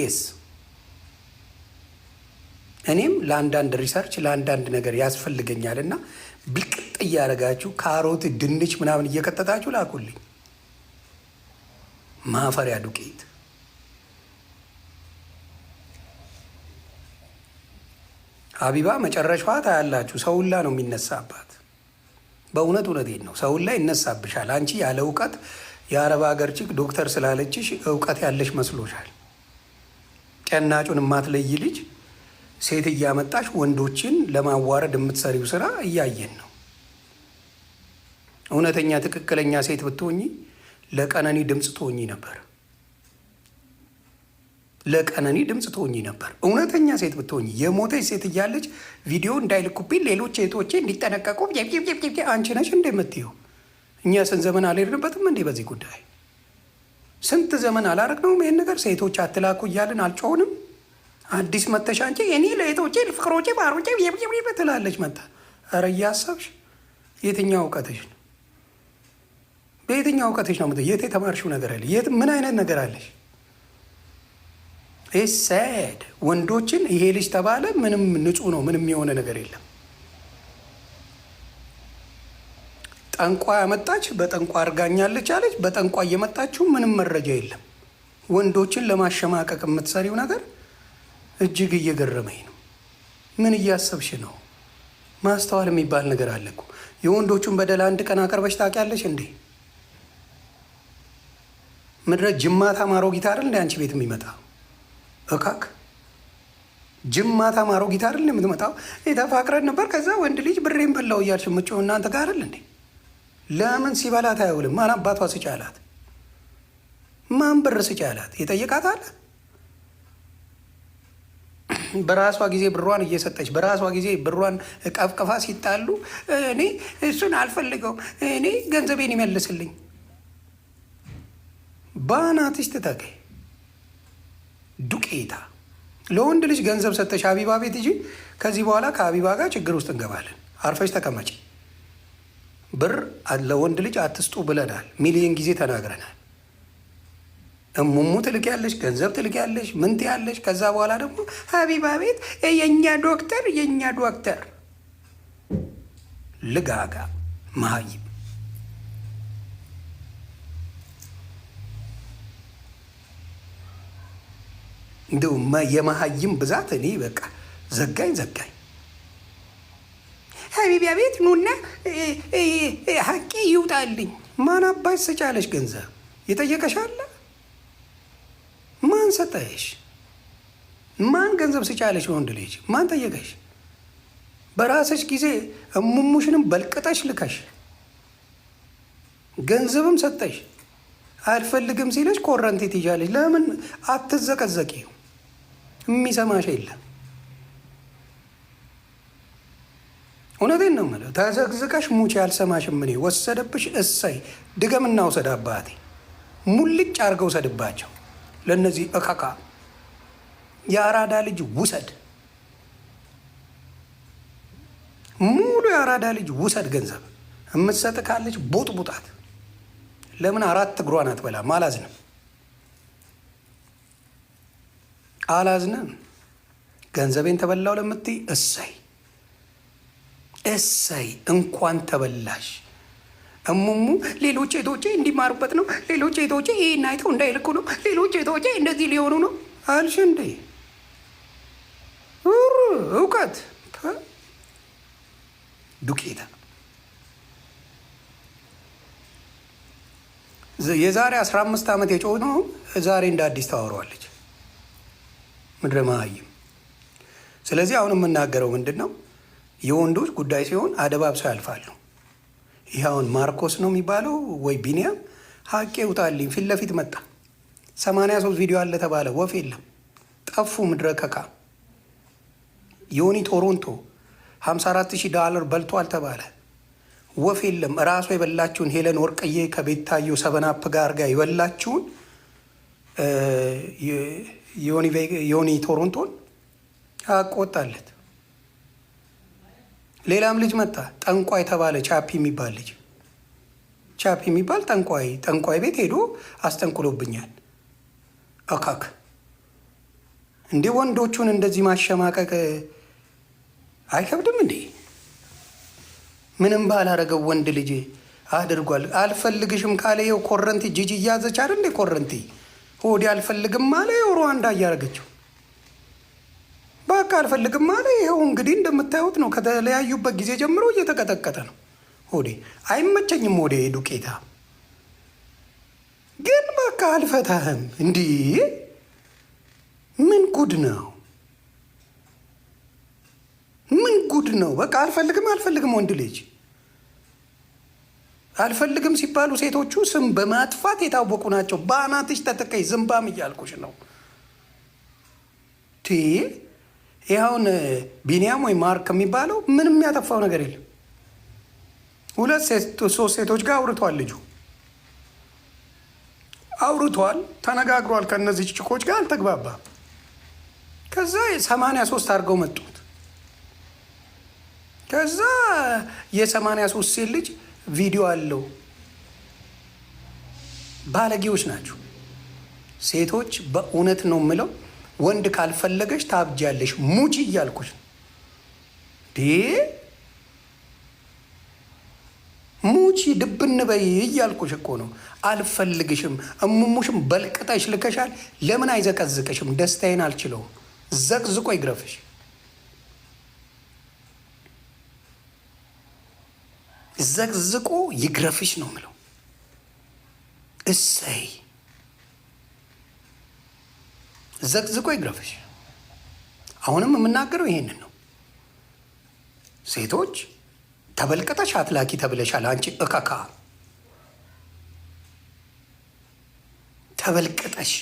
የስ እኔም ለአንዳንድ ሪሰርች ለአንዳንድ ነገር ያስፈልገኛል እና ብልቅጥ እያደረጋችሁ ካሮት፣ ድንች ምናምን እየቀጠጣችሁ ላኩልኝ። ማፈሪያ ዱቄት ሀቢባ መጨረሻዋ ታያላችሁ። ሰውላ ነው የሚነሳባት። በእውነት እውነቴን ነው። ሰውላ ይነሳብሻል። አንቺ ያለ እውቀት የአረብ ሀገር ችግ ዶክተር ስላለችሽ እውቀት ያለሽ መስሎሻል። ጨናጩን የማትለይ ልጅ ሴት እያመጣች ወንዶችን ለማዋረድ የምትሰሪው ስራ እያየን ነው። እውነተኛ ትክክለኛ ሴት ብትሆኚ ለቀነኒ ድምፅ ትሆኚ ነበር። ለቀነኒ ድምፅ ትሆኚ ነበር። እውነተኛ ሴት ብትሆኚ የሞተች ሴት እያለች ቪዲዮ እንዳይልኩብኝ ሌሎች ሴቶቼ እንዲጠነቀቁ አንቺ ነሽ እንደምትየው እኛ ስንት ዘመን አልሄድንበትም እንዲህ በዚህ ጉዳይ ስንት ዘመን አላረግነውም ይህን ነገር ሴቶች አትላኩ እያልን አልጮሆንም። አዲስ መተሻ እንጂ እኔ ለየቶቼ ፍቅሮቼ ባሮቼ ትላለች መታ። ኧረ እያሰብሽ የትኛው እውቀትሽ ነው? በየትኛው እውቀትሽ ነው? የት የተማርሽው ነገር አለ? የት ምን አይነት ነገር አለሽ? ሰድ ወንዶችን ይሄ ልጅ ተባለ ምንም ንጹህ ነው፣ ምንም የሆነ ነገር የለም። ጠንቋ ያመጣች በጠንቋ አድርጋኛለች አለች። በጠንቋ እየመጣችው ምንም መረጃ የለም። ወንዶችን ለማሸማቀቅ የምትሰሪው ነገር እጅግ እየገረመኝ ነው። ምን እያሰብሽ ነው? ማስተዋል የሚባል ነገር አለ እኮ። የወንዶቹን በደል አንድ ቀን አቅርበሽ ታውቂያለሽ እንዴ? ምድረ ጅማታ ማሮ ጊታር እንደ አንቺ ቤት የሚመጣ እካክ ጅማታ ማሮ ጊታር የምትመጣው? ተፋቅረን ነበር ከዛ ወንድ ልጅ ብሬን በላው እያልሽ ምጮ እናንተ ጋር አይደል እንዴ? ለምን ሲበላት አይውልም? ማን አባቷ ስጭ አላት? ማን ብር ስጭ አላት? የጠየቃት አለ? በራሷ ጊዜ ብሯን እየሰጠች በራሷ ጊዜ ብሯን ቀፍቅፋ ሲጣሉ እኔ እሱን አልፈልገው እኔ ገንዘቤን ይመልስልኝ ባናትሽ ትጠቀ ዱቄታ ለወንድ ልጅ ገንዘብ ሰጠሽ አቢባ ቤት እጂ ከዚህ በኋላ ከአቢባ ጋር ችግር ውስጥ እንገባለን። አርፈሽ ተቀመጪ። ብር ለወንድ ልጅ አትስጡ ብለናል። ሚሊዮን ጊዜ ተናግረናል። እሙሙ ያለች ገንዘብ ያለች ምንት ያለች ከዛ በኋላ ደግሞ ሀቢባ ቤት የእኛ ዶክተር የእኛ ዶክተር ልጋጋ መሀይም እንዲሁ የመሀይም ብዛት እኔ በቃ ዘጋኝ ዘጋኝ። ሀቢቢያ ቤት ኑና ሀቂ ይውጣልኝ። ማን አባሽ ሰጫለሽ ገንዘብ የጠየቀሽ አለ? ማን ሰጠሽ? ማን ገንዘብ ስጫለሽ? ወንድ ልጅ ማን ጠየቀሽ? በራስሽ ጊዜ እሙሙሽንም በልቅጠሽ ልከሽ ገንዘብም ሰጠሽ። አልፈልግም ሲለሽ ኮረንቲ ትይዣለሽ። ለምን አትዘቀዘቂ? የሚሰማሽ የለም። እውነቴን ነው የምልህ። ተዘግዝቀሽ ሙች ያልሰማሽም እኔ ወሰደብሽ። እሰይ ድገም እናውሰድ አባቴ ሙልጭ አድርገው ውሰድባቸው። ለእነዚህ እካካ የአራዳ ልጅ ውሰድ፣ ሙሉ የአራዳ ልጅ ውሰድ። ገንዘብ የምትሰጥ ካለች ቦጥ ቡጣት። ለምን አራት እግሯን አትበላም? አላዝንም አላዝንም። ገንዘቤን ተበላው ለምትይ እሰይ እሰይ እንኳን ተበላሽ እሙሙ ሌሎች ሴቶቼ እንዲማሩበት ነው። ሌሎች ሴቶቼ ይህን አይተው እንዳይልኩ ነው። ሌሎች ሴቶቼ እንደዚህ ሊሆኑ ነው አልሽ እንዴ? እውቀት ዱቄታ የዛሬ አስራ አምስት ዓመት የጮህ ነው ዛሬ እንደ አዲስ ታወረዋለች ምድረ መሀይም። ስለዚህ አሁን የምናገረው ምንድን ነው? የወንዶች ጉዳይ ሲሆን አደባብሰው ያልፋሉ። ይህ አሁን ማርኮስ ነው የሚባለው ወይ ቢኒያም ሀቄ ውጣልኝ ፊት ለፊት መጣ። ሰማንያ ሶስት ቪዲዮ አለ ተባለ፣ ወፍ የለም ጠፉ። ምድረ ከካ ዮኒ ቶሮንቶ 54 ሺህ ዶላር በልቷል ተባለ፣ ወፍ የለም። እራሷ የበላችሁን ሄለን ወርቅዬ ከቤታዮ ሰበናፕ ጋር ጋር የበላችሁን ዮኒ ቶሮንቶን አቆጣለት። ሌላም ልጅ መጣ። ጠንቋይ ተባለ። ቻፒ የሚባል ልጅ ቻፒ የሚባል ጠንቋይ ጠንቋይ ቤት ሄዶ አስጠንቁሎብኛል። እካክ እንዴ! ወንዶቹን እንደዚህ ማሸማቀቅ አይከብድም እንዴ? ምንም ባላረገው ወንድ ልጅ አድርጓል። አልፈልግሽም ካለ የው ኮረንቲ ጅጅ እያዘች አይደል? ኮረንቲ ሆዴ አልፈልግም አለ። የው ሩዋንዳ እያረገችው በቃ አልፈልግም አለ። ይኸው እንግዲህ እንደምታዩት ነው። ከተለያዩበት ጊዜ ጀምሮ እየተቀጠቀጠ ነው ሆዴ። አይመቸኝም ወደ ዱቄታ። ግን በቃ አልፈታህም። እንዲህ ምን ጉድ ነው? ምን ጉድ ነው? በቃ አልፈልግም አልፈልግም። ወንድ ልጅ አልፈልግም ሲባሉ ሴቶቹ ስም በማጥፋት የታወቁ ናቸው። በአናትሽ ተጠቀይ ዝምባም እያልኩሽ ነው። ይኸውን ቢኒያም ወይ ማርክ የሚባለው ምንም ያጠፋው ነገር የለም። ሁለት ሶስት ሴቶች ጋር አውርተዋል ልጁ አውርቷል፣ ተነጋግሯል። ከእነዚህ ችኮች ጋር አልተግባባ። ከዛ ሰማንያ ሶስት አድርገው መጡት። ከዛ የሰማንያ ሶስት ሴት ልጅ ቪዲዮ አለው። ባለጌዎች ናቸው ሴቶች፣ በእውነት ነው የምለው ወንድ ካልፈለገች ታብጃለሽ፣ ሙጪ እያልኩሽ ሙቺ ድብን በይ እያልኩሽ እኮ ነው። አልፈልግሽም። እሙሙሽም በልቅጠሽ ልከሻል። ለምን አይዘቀዝቅሽም? ደስታዬን አልችለውም። ዘቅዝቆ ይግረፍሽ። ዘቅዝቆ ይግረፍሽ ነው ምለው። እሰይ ዘቅዝቆ ይግረፍሽ። አሁንም የምናገረው ይሄንን ነው። ሴቶች ተበልቀጠሽ አትላኪ ተብለሻል። አንቺ እከካ ተበልቀጠሽ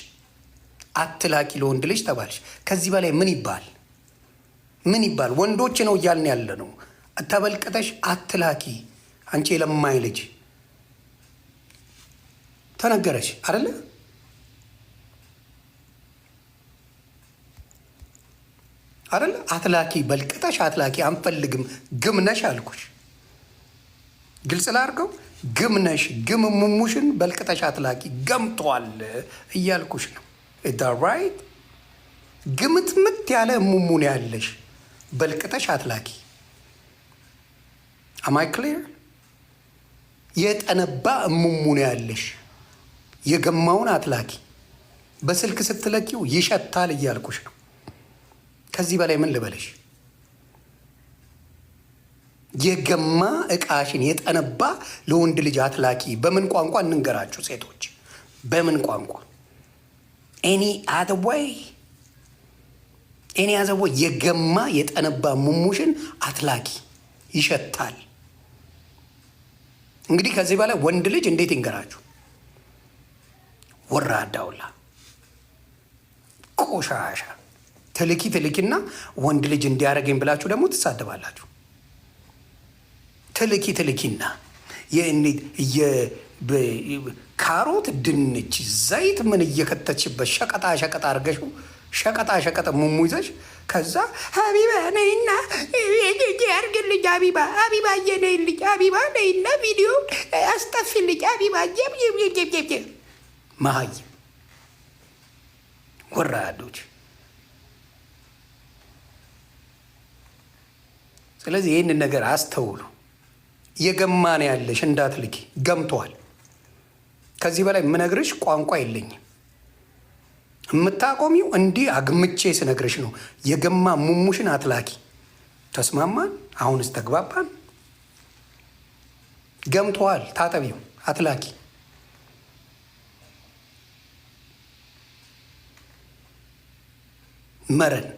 አትላኪ ለወንድ ልጅ ተባልሽ። ከዚህ በላይ ምን ይባል? ምን ይባል? ወንዶች ነው እያልን ያለ ነው። ተበልቀጠሽ አትላኪ አንቺ የለማይ ልጅ ተነገረሽ አደለም አይደል? አትላኪ በልቅጠሽ አትላኪ አንፈልግም፣ ግምነሽ አልኩሽ። ግልጽ ላድርገው፣ ግምነሽ ግም ሙሙሽን በልቅጠሽ አትላኪ ገምቷል እያልኩሽ ነው። ኢዳ ራይት ግምትምት ያለ ሙሙን ያለሽ በልቅጠሽ አትላኪ። አማይ ክሊር የጠነባ እሙሙን ያለሽ የገማውን አትላኪ። በስልክ ስትለኪው ይሸታል እያልኩሽ ነው። ከዚህ በላይ ምን ልበለሽ? የገማ እቃሽን የጠነባ ለወንድ ልጅ አትላኪ። በምን ቋንቋ እንንገራችሁ ሴቶች፣ በምን ቋንቋ ኤኒ አዘወይ ኤኒ አዘወይ የገማ የጠነባ ሙሙሽን አትላኪ፣ ይሸታል። እንግዲህ ከዚህ በላይ ወንድ ልጅ እንዴት ይንገራችሁ? ወራዳውላ ቆሻሻ ትልኪ ትልኪና ወንድ ልጅ እንዲያደርገኝ ብላችሁ ደግሞ ትሳደባላችሁ። ትልኪ ትልኪና የካሮት ድንች፣ ዘይት ምን እየከተችበት ሸቀጣ ሸቀጣ አድርገሽው ሸቀጣ ሸቀጥ ሙሙ ይዘሽ ከዛ ሀቢባ ነይና አርግልኝ፣ ሀቢባ ሀቢባ የነይልኝ፣ ሀቢባ ነይና ቪዲዮ አስጠፊልኝ፣ ሀቢባ መሀይም ወራዶች ስለዚህ ይህንን ነገር አስተውሉ። የገማን ያለሽ እንዳትልኪ ገምተዋል። ከዚህ በላይ ምነግርሽ ቋንቋ የለኝም። የምታቆሚው እንዲህ አግምቼ ስነግርሽ ነው። የገማ ሙሙሽን አትላኪ። ተስማማን? አሁንስ ተግባባን? ገምተዋል። ታጠቢው አትላኪ። መረን